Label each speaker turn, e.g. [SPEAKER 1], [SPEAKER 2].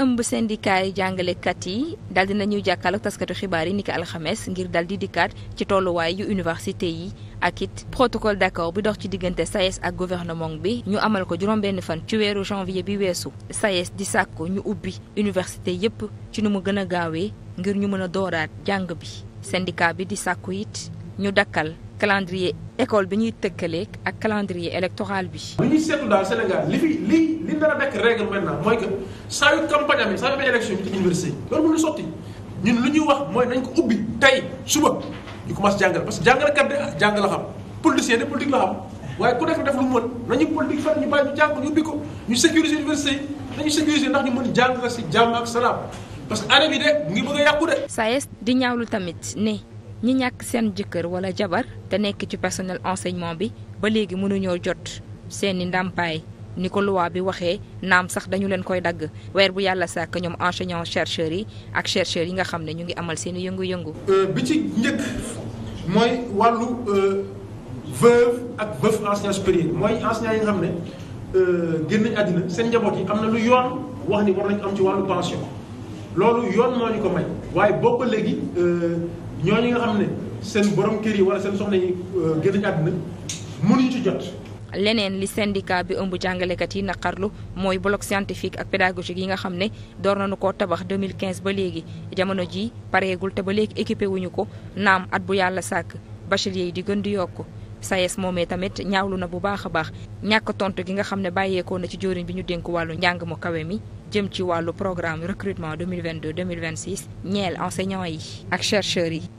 [SPEAKER 1] ëmb syndicat yi jàngalekat yi dal di nañuy jàkkaarloo ak taskatu xibaar yi niki alxames ngir dal di dikkaat ci tolluwaay yu université yi ak it protocole d'accord bi dox ci diggante SAES ak gouvernement bi ñu amal ko juróom-benn fan ci weeru janvier bi weesu SAES di sàkku ñu ubbi université yépp ci nu mu gën a gaawee ngir ñu mën a dooraat jàng bi syndicat bi di sàkku it ñu dakkal calendrier école bi ñuy tëkkaleeg ak calendrier électoral bi.
[SPEAKER 2] li ñuy seetlu daal Sénégal li fi li li nar a nekk règle maintenant mooy que saa yu campagne amee saa yu amee élection bi ci université loolu mënul sotti ñun lu ñuy wax mooy nañ ko ubbi tey suba ñu commencé jàngal parce que jàngalekat de ah jàng la xam politicien de politique la xam waaye ku nekk def lu mën nañu politique fan ñu bàyyi ñu jàng ñu ko ñu sécuriser université yi nañu sécuriser ndax si jàmm ak salaam parce que année bi de mu ngi bëgg a yàqu de.
[SPEAKER 1] SAES di ñaawlu tamit ñi ñàkk seen jëkkër wala jabar te nekk ci personnel enseignement bi ba léegi mënuñoo jot seeni ndàmpaay ni ko loi bi waxee naam sax dañu leen koy dagg weer bu yàlla sàkk ñoom enseignant chercheurs yi ak chercheurs yi nga xam ne ñu ngi amal seeni yëngu-yëngu.
[SPEAKER 2] Euh, bi ci njëkk mooy wàllu euh, veuve ak veuve enseignant supérieur mooy enseignant yi nga xam ne euh, génn nañ àddina seen njaboot yi am na lu yoon wax ni war nañ am ci wàllu pension. loolu yoon moo ñu ko may waaye boobu léegi euh, ñooñu nga xam ne seen borom kër yi wala seen soxna yi euh, génn àddina mënuñu ci jot.
[SPEAKER 1] leneen li syndicat bi ëmb jàngalekat yi naqarlu mooy bloc scientifique ak pédagogique yi nga xam ne door nañu koo tabax 2015 ba léegi jamono ji pareegul te ba léegi équipé wuñu ko naam at bu yàlla sàkk bachelier yi di gën di yokk SAES moomee tamit ñaawlu na bu baax a baax ñàkk tontu gi nga xam ne bàyyeekoo na ci joriñ bi ñu dénk wàllu njàng mu mi. jëm ci wàllu programme recrutement 2022 2026 ñeel enseignants yi ak chercheurs yi